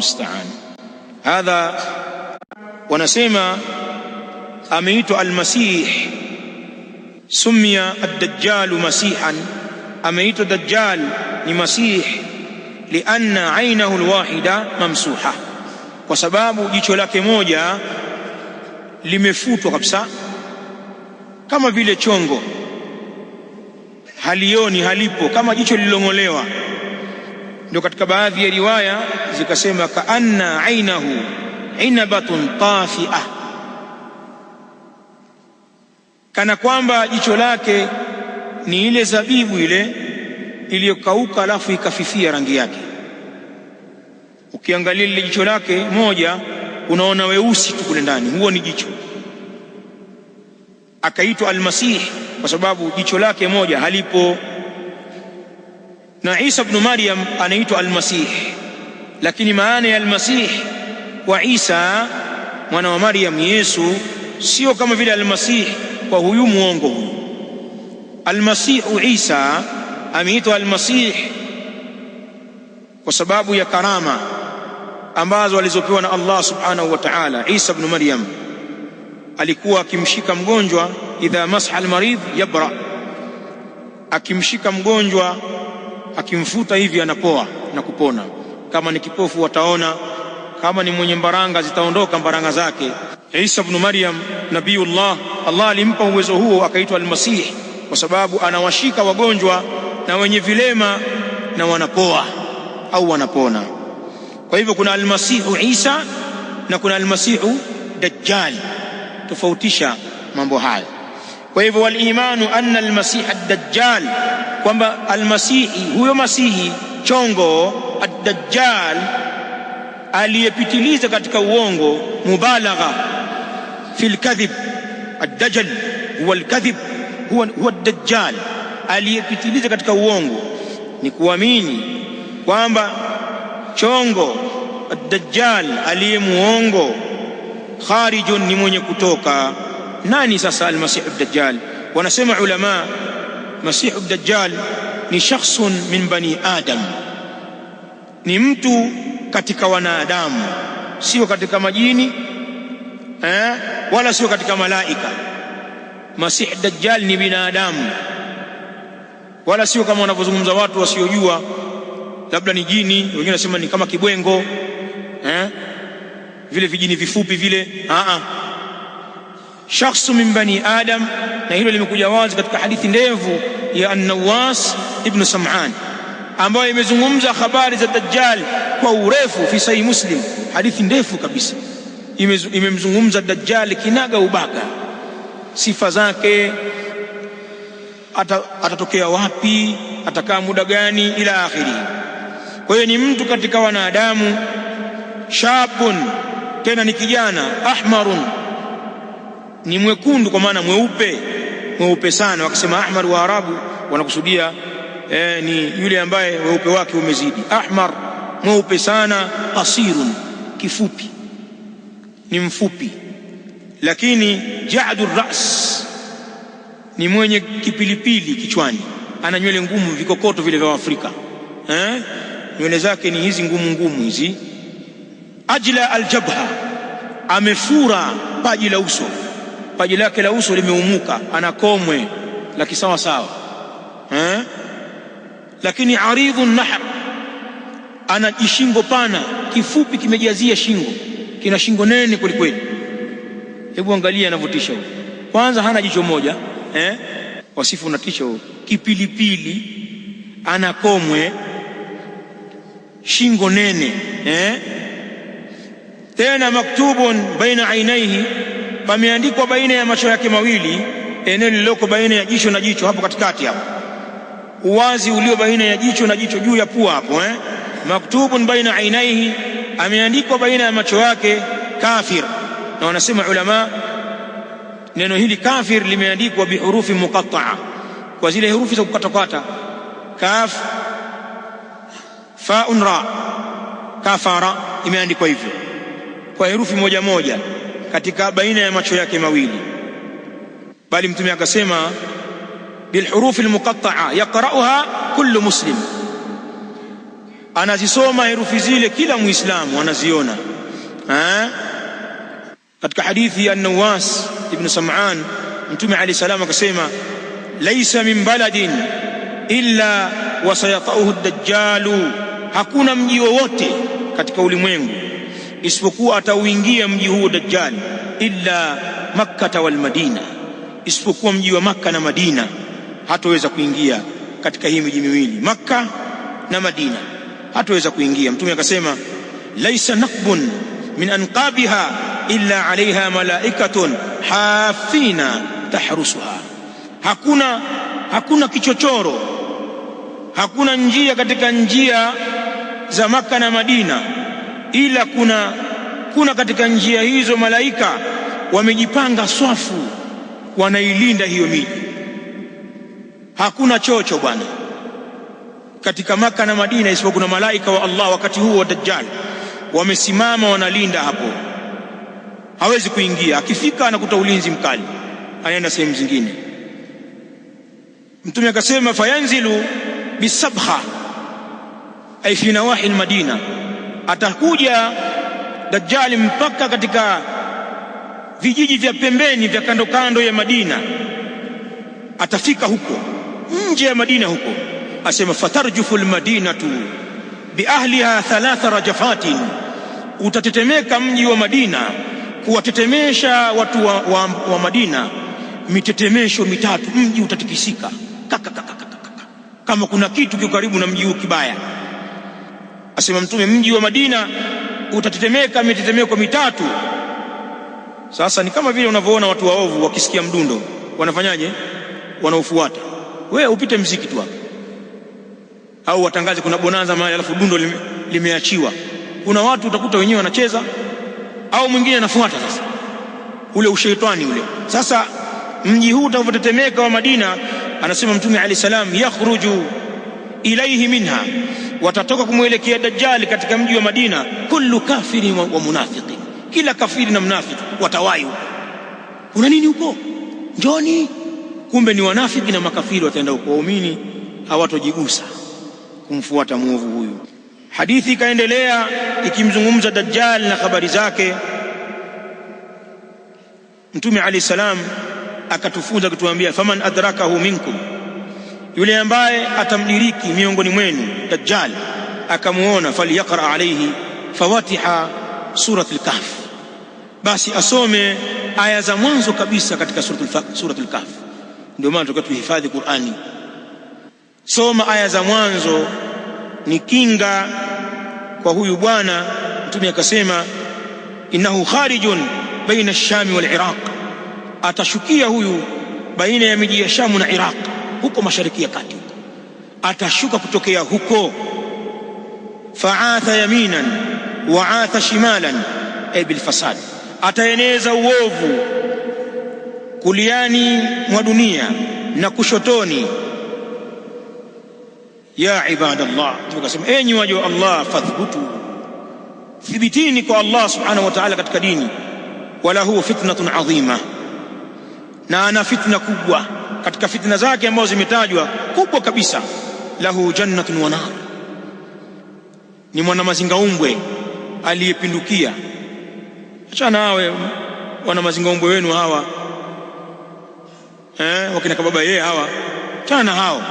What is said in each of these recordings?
almustaan. Hadha wanasema ameitwa almasih, summiya addajjalu masihan, ameitwa Dajjal ni masih lianna ainahu alwahida mamsuha, kwa sababu jicho lake moja limefutwa kabisa, kama vile chongo, halioni halipo, kama jicho lilongolewa ndio katika baadhi ya riwaya zikasema, kaanna ainahu inabatun tafia, kana kwamba jicho lake ni ile zabibu ile iliyokauka, alafu ikafifia rangi yake. Ukiangalia lile jicho lake moja, unaona weusi tu kule ndani, huo ni jicho. Akaitwa almasih kwa sababu jicho lake moja halipo na Isa bnu Maryam anaitwa Almasih, lakini maana ya Almasih wa Isa mwana wa Maryam Yesu sio kama vile Almasih kwa huyu mwongo huyu. Almasihu Isa ameitwa Almasih kwa sababu ya karama ambazo alizopewa na Allah subhanahu wa ta'ala. Isa bnu Maryam alikuwa akimshika mgonjwa, idha masha almaridh yabra, akimshika mgonjwa akimfuta hivi anapoa na kupona. Kama ni kipofu wataona, kama ni mwenye mbaranga zitaondoka mbaranga zake. Isa bnu Maryam Nabiyullah, Allah alimpa uwezo huo akaitwa Almasih kwa sababu anawashika wagonjwa na wenye vilema na wanapoa au wanapona. Kwa hivyo kuna Almasihu Isa na kuna Almasihu Dajjal, tofautisha mambo haya. Kwa hivyo walimanu anna almasih ad-dajjal, kwamba almasihi huyo masihi chongo ad-dajjal aliyepitiliza katika uongo, mubalagha fi lkadhib. Ad-dajjal huwa lkadhib, huwa ad-dajjal aliyepitiliza katika uongo. Ni kuamini kwamba chongo ad-dajjal aliyemuongo, kharijun, ni mwenye kutoka nani sasa almasihu dajjal? Wanasema ulama, masihu dajjal ni shakhsun min bani adam, ni mtu katika wanadamu, sio katika majini eh, wala sio katika malaika. Masihi dajjal ni binadamu, wala sio kama wanavyozungumza watu wasiojua, labda ni jini, wengine wanasema ni kama kibwengo eh, vile vijini vifupi vile. Aa. Ah, ah shakhsu min bani adam, na hilo limekuja wazi katika hadithi ndefu ya Annawas ibnu Sam'an ambayo imezungumza habari za Dajjal kwa urefu fi Sahih Muslim, hadithi ndefu kabisa imemzungumza Dajjal kinaga ubaga, sifa zake, atatokea wapi, atakaa muda gani, ila akhiri. Kwa hiyo ni mtu katika wanadamu, shabun, tena ni kijana ahmarun ni mwekundu kwa maana mweupe mweupe sana. Wakisema ahmar wa arabu wanakusudia eh, ni yule ambaye weupe wake umezidi. Ahmar mweupe sana, asirun kifupi, ni mfupi. Lakini jadu ras ni mwenye kipilipili kichwani, ana nywele ngumu, vikokoto vile vya afrika eh? nywele zake ni hizi ngumu ngumu hizi. Ajla aljabha, amefura paji la uso paji lake la uso limeumuka, anakomwe la la kisawasawa eh? Lakini aridhu nahar, ana jishingo pana kifupi, kimejazia shingo, kina shingo nene kwelikweli. Hebu angalia anavyotisha huyo. Kwanza hana jicho moja eh? Wasifu unatisha huyo, kipilipili, anakomwe shingo nene eh? Tena maktubun baina ainaihi pameandikwa baina ya macho yake mawili, eneo lililoko baina ya jicho na jicho, hapo katikati hapo, uwazi ulio baina ya jicho na jicho, juu ya pua hapo eh? Maktubun baina ainaihi, ameandikwa baina ya macho yake kafir. Na wanasema ulama, neno hili kafir limeandikwa bihurufi muqataa, kwa zile herufi za kukatakata, kaf faun ra kafara, imeandikwa hivyo kwa herufi moja moja katika baina ya macho yake mawili, bali Mtume akasema bilhurufi almuqatta'a yaqra'uha kullu muslim, anazisoma herufi zile kila mwislamu anaziona. Eh? Katika hadithi ya Nawas ibn Sam'an, Mtume alayhi salam akasema laisa min baladin illa wasayatauhu ad-dajjalu, hakuna mji wowote katika ulimwengu isipokuwa atauingia mji huo Dajjal, illa makkata wal Madina, isipokuwa mji wa Makka na Madina. Hatoweza kuingia katika hii miji miwili Makka na Madina, hatoweza kuingia. Mtume akasema laisa naqbun min anqabiha illa alaiha malaikatun hafina tahrusuha, hakuna hakuna kichochoro, hakuna njia katika njia za Makka na Madina ila kuna, kuna katika njia hizo malaika wamejipanga swafu, wanailinda hiyo miji. Hakuna chocho bwana katika Maka na Madina isipokuwa kuna malaika wa Allah wakati huo wa Dajjal wamesimama wanalinda hapo, hawezi kuingia. Akifika anakuta ulinzi mkali, anaenda sehemu zingine. Mtume akasema fayanzilu bisabha ay fi nawahi almadina atakuja Dajjali mpaka katika vijiji vya pembeni vya kando kando ya Madina, atafika huko nje ya Madina huko, asema fatarjufu lmadinatu biahliha thalatha rajafatin, utatetemeka mji wa Madina kuwatetemesha watu wa, wa, wa Madina mitetemesho mitatu, mji utatikisika kaka kaka kaka, kama kuna kitu kiko karibu na mji huu kibaya Asema Mtume, mji wa Madina utatetemeka mitetemeko mitatu. Sasa ni kama vile unavyoona watu waovu wakisikia mdundo wanafanyaje? Wanaofuata. We upite mziki tu hapo, au watangaze kuna bonanza mahali, alafu dundo lime, limeachiwa. Kuna watu utakuta wenyewe wanacheza, au mwingine anafuata. Sasa ule usheitani ule. Sasa mji huu utavyotetemeka wa Madina, anasema Mtume alayhi salam, yakhruju ilaihi minha watatoka kumwelekea Dajjali katika mji wa Madina. Kullu kafirin wa munafiki kila kafiri na mnafiki watawayo, Una nini huko? Njoni. Kumbe ni wanafiki na makafiri wataenda huko, waumini hawatojigusa kumfuata mwovu huyu. Hadithi ikaendelea ikimzungumza Dajjal na habari zake. Mtume alayhi salam akatufunza kutuambia, faman adrakahu minkum yule ambaye atamdiriki miongoni mwenu Dajjal akamuona, falyaqra alayhi fawatiha suratul Kahf, basi asome aya za mwanzo kabisa katika suratul Kahf. Ndio maana tunatakiwa tuhifadhi Qurani. Soma aya za mwanzo, ni kinga kwa huyu bwana. Mtume akasema innahu kharijun baina lshami waliraq, atashukia huyu baina ya miji ya Shamu na Iraq huko mashariki ya kati atashuka kutokea huko. Faatha yaminan waatha shimalan ay bilfasad, ataeneza uovu kuliani mwa dunia na kushotoni. Ya ibadallah, tukasema enyi waja wa Allah, fathbutu, thibitini kwa Allah subhanahu wa ta'ala katika dini. Wala huwa fitnatun adhima, na ana fitna kubwa katika fitna zake ambazo zimetajwa kubwa kabisa, lahu jannatun wa nar, ni mwanamazingaumbwe aliyepindukia. Achana mazinga wanamazingaumbwe wenu hawa eh, wakina kababa yeye hawa, achana na hao.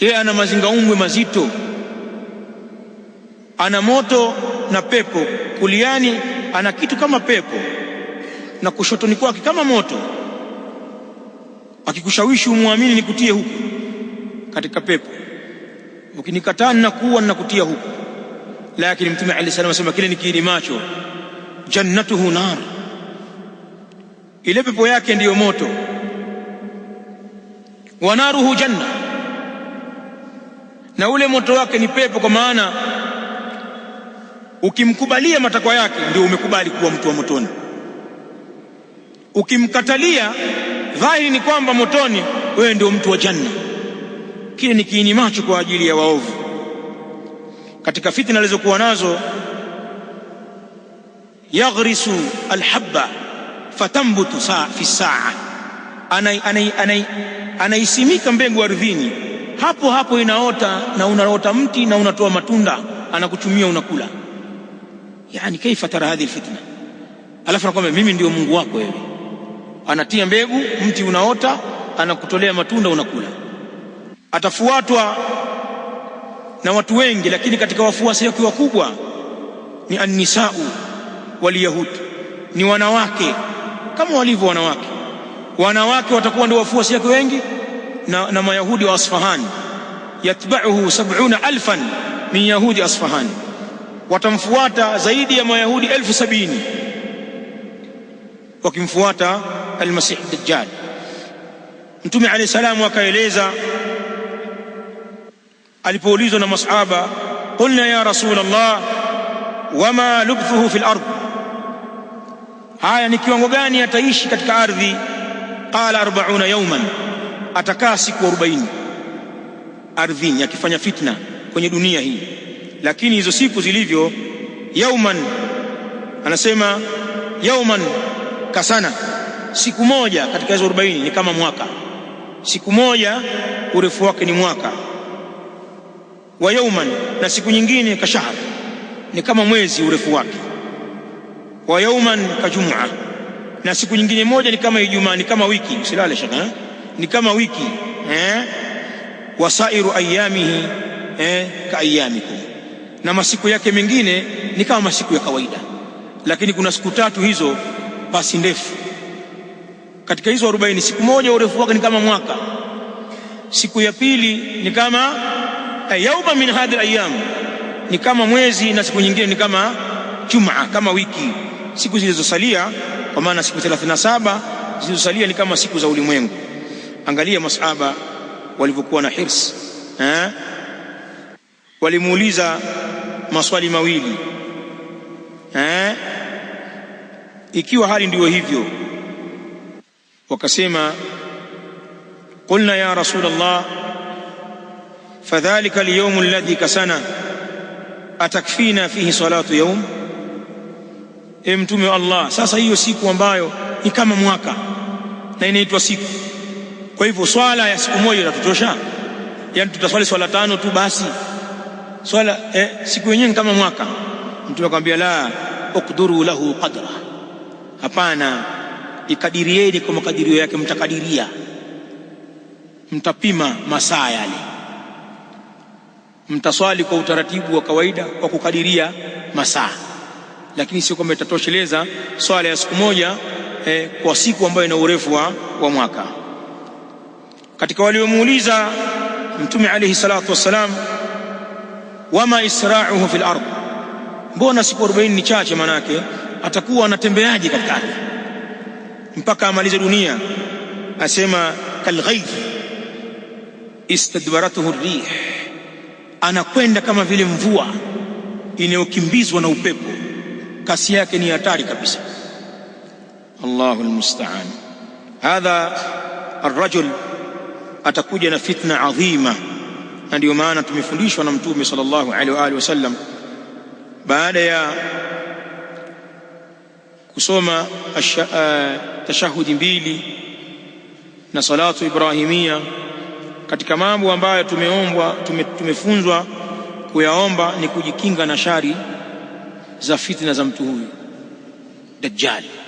Yeye ana mazingaumbwe mazito, ana moto na pepo, kuliani ana kitu kama pepo na kushotoni kwake kama moto akikushawishi umwamini, nikutie huku katika pepo, ukinikataa ninakuua, ninakutia huku. Lakini Mtume alayhi salam asema kile macho jannatuhu nar, ile pepo yake ndiyo moto, wa naruhu janna, na ule moto wake ni pepo. Kwa maana ukimkubalia matakwa yake ndio umekubali kuwa mtu wa motoni, ukimkatalia dhahiri ni kwamba motoni, wewe ndio mtu wa janna. Kile ni kiini macho kwa ajili ya waovu. Katika fitna alizokuwa nazo, yaghrisu alhabba fatambutu fi saa, anaisimika mbegu ardhini, hapo hapo inaota na unaota mti na unatoa matunda, anakuchumia unakula. Yani kaifa tara hadhi alfitna, alafu anakwambia mimi ndio Mungu wako wewe anatia mbegu, mti unaota, anakutolea matunda, unakula. Atafuatwa na watu wengi, lakini katika wafuasi wake wakubwa ni annisau waliyahud, ni wanawake kama walivyo wanawake. Wanawake watakuwa ndio wafuasi wake wengi, na, na mayahudi wa Asfahani, yatbauhu sab'una alfan min yahudi Asfahani, watamfuata zaidi ya mayahudi elfu sabini wakimfuata wa almasih dajjal. Mtume alayhi salamu akaeleza alipoulizwa na masahaba, qulna ya rasul Allah wama lubthuhu fi lardh, haya ni kiwango gani ataishi katika ardhi? Qala arbauna yauman, atakaa siku arobaini ardhini akifanya fitna kwenye dunia hii. Lakini hizo siku zilivyo, yauman anasema yauman kasana siku moja katika hizo 40 ni kama mwaka, siku moja urefu wake ni mwaka. Wa yauman, na siku nyingine kashahr, ni kama mwezi urefu wake. Wa yauman kajumua, na siku nyingine moja ni kama Ijumaa, ni kama wiki. Usilale shaka eh? ni kama wiki eh? wasairu ayamihi eh, ka na masiku yake mengine ni kama masiku ya kawaida, lakini kuna siku tatu hizo pasi ndefu katika hizo 40 siku moja urefu wake ni kama mwaka, siku ya pili ni kama eh, yauma min hadhihi ayyam, ni kama mwezi, na siku nyingine ni kama juma, kama wiki. Siku zilizosalia kwa maana siku 37 zilizosalia ni kama siku za ulimwengu. Angalia masahaba walivyokuwa na hirs eh? Walimuuliza maswali mawili eh? Ikiwa hali ndiyo hivyo wakasema qulna ya rasul llah fadhalika alyawm alladhi kasana atakfina fihi salatu yaum e Mtume wa Allah, sasa hiyo siku ambayo ni kama mwaka na inaitwa siku, kwa hivyo swala ya siku moja itatutosha? Yani tutaswali swala tano tu basi swala eh, siku yenyewe ni kama mwaka. Mtume akamwambia la ukduru lahu qadra, hapana ikadirieni kwa makadirio yake, mtakadiria, mtapima masaa yale, mtaswali kwa utaratibu wa kawaida kwa kukadiria masaa, lakini sio kwamba itatosheleza swala ya siku moja eh, kwa siku ambayo ina urefu wa mwaka. Katika waliomuuliza Mtume alaihi salatu wassalam, wama israuhu fil ardh, mbona siku 40 ni chache? Manake atakuwa anatembeaje katika ardhi? mpaka amalize dunia. Asema kalghaith istadbaratuhu rih, anakwenda kama vile mvua inayokimbizwa na upepo, kasi yake ni hatari kabisa. Allahu almusta'an. Hadha arrajul atakuja na fitna adhima, na ndiyo maana tumefundishwa na Mtume sallallahu alaihi wa alihi wasallam baada ya kusoma uh, tashahudi mbili na salatu Ibrahimia katika mambo ambayo tumeombwa tumefunzwa kuyaomba ni kujikinga na shari za fitna za mtu huyu Dajjali.